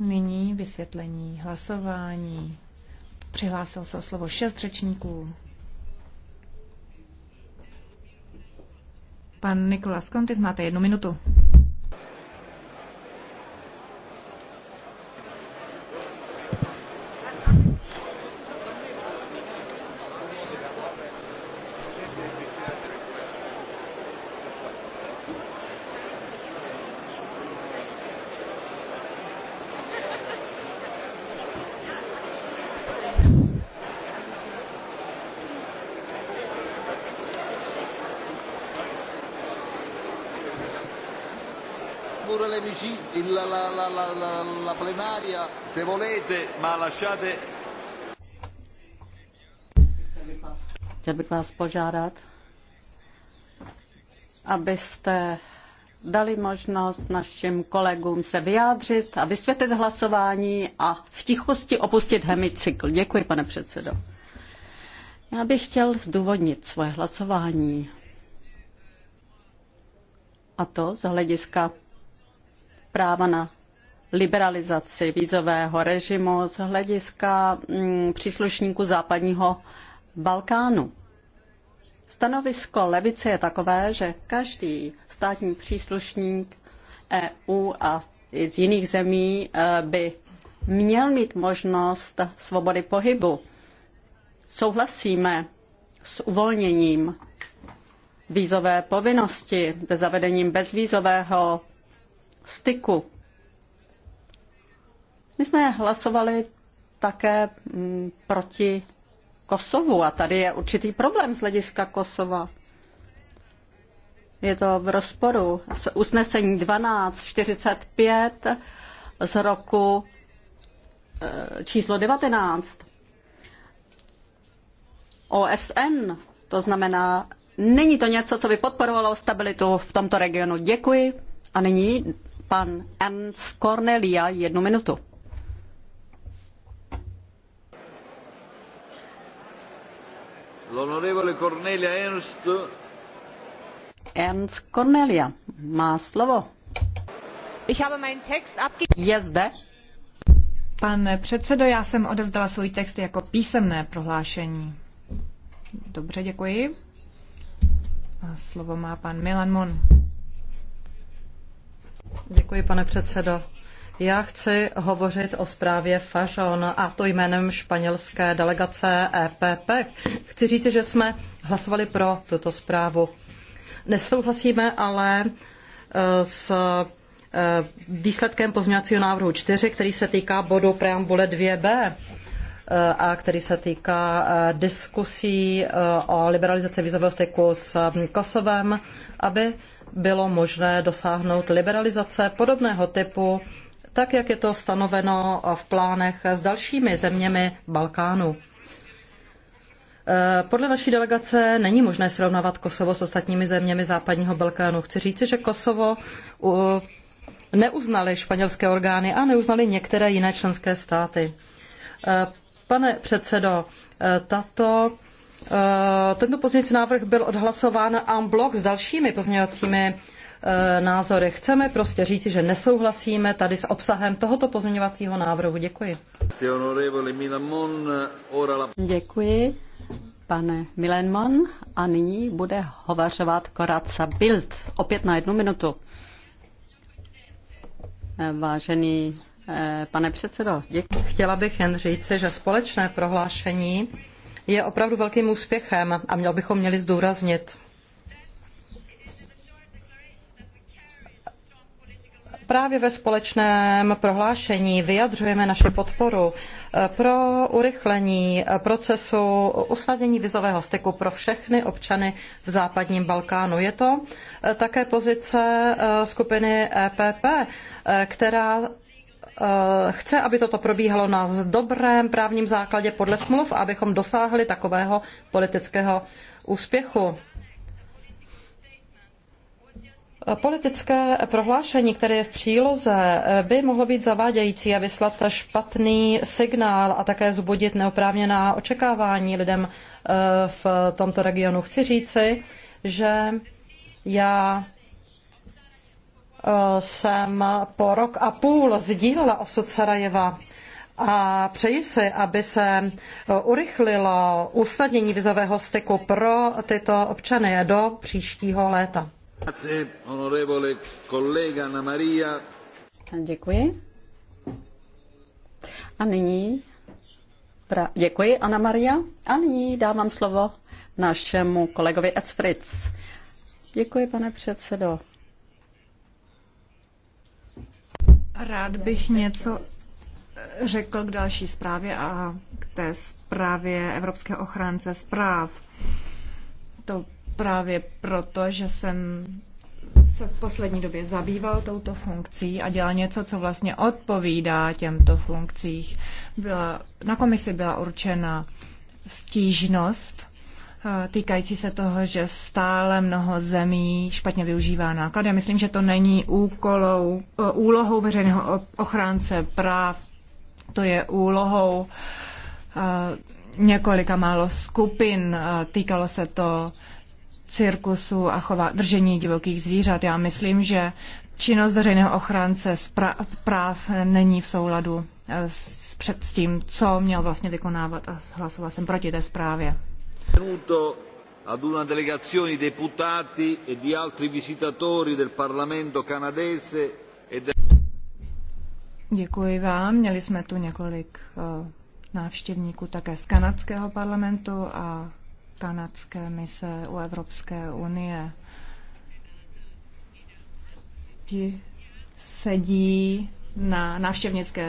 Nyní vysvětlení hlasování. Přihlásil se o slovo šest řečníků. Pan Nikolas Kontis, máte jednu minutu. chiudere la, plenaria se volete, ma lasciate... Chtěl bych vás požádat, abyste dali možnost našim kolegům se vyjádřit a vysvětlit hlasování a v tichosti opustit hemicykl. Děkuji, pane předsedo. Já bych chtěl zdůvodnit svoje hlasování. A to z hlediska práva na liberalizaci vízového režimu z hlediska mm, příslušníků západního Balkánu. Stanovisko levice je takové, že každý státní příslušník EU a i z jiných zemí e, by měl mít možnost svobody pohybu. Souhlasíme s uvolněním vízové povinnosti, se zavedením bezvízového styku. My jsme hlasovali také mm, proti Kosovu a tady je určitý problém z hlediska Kosova. Je to v rozporu s usnesení 1245 z roku eh, číslo 19 OSN. To znamená, není to něco, co by podporovalo stabilitu v tomto regionu. Děkuji. A nyní Pan Ernst Cornelia, jednu minutu. L'onorevole Cornelia Ernst. Ernst Cornelia má slovo. Ich habe meinen Text abge... Je zde. Pane předsedo, já jsem odevzdala svůj text jako písemné prohlášení. Dobře, děkuji. A slovo má pan Milan Mon. Děkuji, pane předsedo. Já chci hovořit o zprávě Fajon a to jménem španělské delegace EPP. Chci říct, že jsme hlasovali pro tuto zprávu. Nesouhlasíme ale e, s e, výsledkem pozměňovacího návrhu 4, který se týká bodu preambule 2b e, a který se týká diskusí o liberalizaci vizového styku s Kosovem, aby bylo možné dosáhnout liberalizace podobného typu, tak jak je to stanoveno v plánech s dalšími zeměmi Balkánu. Eh, podle naší delegace není možné srovnávat Kosovo s ostatními zeměmi západního Balkánu. Chci říci, že Kosovo neuznali španělské orgány a neuznali některé jiné členské státy. Eh, pane předsedo, eh, tato Eh, tento pozměňovací návrh byl odhlasován en bloc s dalšími pozměňovacími eh, názory. Chceme prostě říci, že nesouhlasíme tady s obsahem tohoto pozměňovacího návrhu. Děkuji. Děkuji, pane Milenman. A nyní bude hovařovat Koráca Bild. Opět na jednu minutu. Eh, vážený pane předsedo, děkuji. Chtěla bych jen říci, že společné prohlášení je opravdu velkým úspěchem a měl bychom měli zdůraznit. Právě ve společném prohlášení vyjadřujeme naši podporu eh, pro urychlení eh, procesu usnadnění vizového styku pro všechny občany v západním Balkánu. Je to eh, také pozice skupiny EPP, která Eh, chce, aby toto probíhalo na dobrém právním základě podle smluv, abychom dosáhli takového politického úspěchu. Eh, politické prohlášení, které je v příloze, eh, by mohlo být zavádějící a vyslat špatný signál a také zbudit neoprávněná očekávání lidem v tomto regionu. Chci říci, že já jsem po rok a půl sdílela osud Sarajeva a přeji si, aby se urychlilo usnadnění vizového styku pro tyto občany do příštího léta. Děkuji. A nyní pra... děkuji, Ana Maria. A nyní dávám slovo našemu kolegovi Ed Fritz. Děkuji, pane předsedo. Rád bych něco eh, řekl k další zprávě a k té zprávě Evropské ochránce zpráv. To právě proto, že jsem se v poslední době zabýval touto funkcí a dělal něco, co vlastně odpovídá těmto funkcích. Byla, na komisi byla určena stížnost týkající se toho, že stále mnoho zemí špatně využívá náklady. Myslím, že to není úkolou, eh, úlohou veřejného ochránce práv, to je úlohou eh, několika málo skupin. Týkalo se to cirkusu a chova, držení divokých zvířat. Já myslím, že činnost veřejného ochránce práv není v souladu eh, s, před s tím, co měl vlastně vykonávat a hlasoval jsem proti té zprávě benvenuto ad una delegazione di deputati e di altri visitatori del Parlamento canadese e del... Děkuji vám. Měli jsme tu několik eh, návštěvníků také z kanadského parlamentu a kanadské mise u Evropské unie. Ti sedí na návštěvnické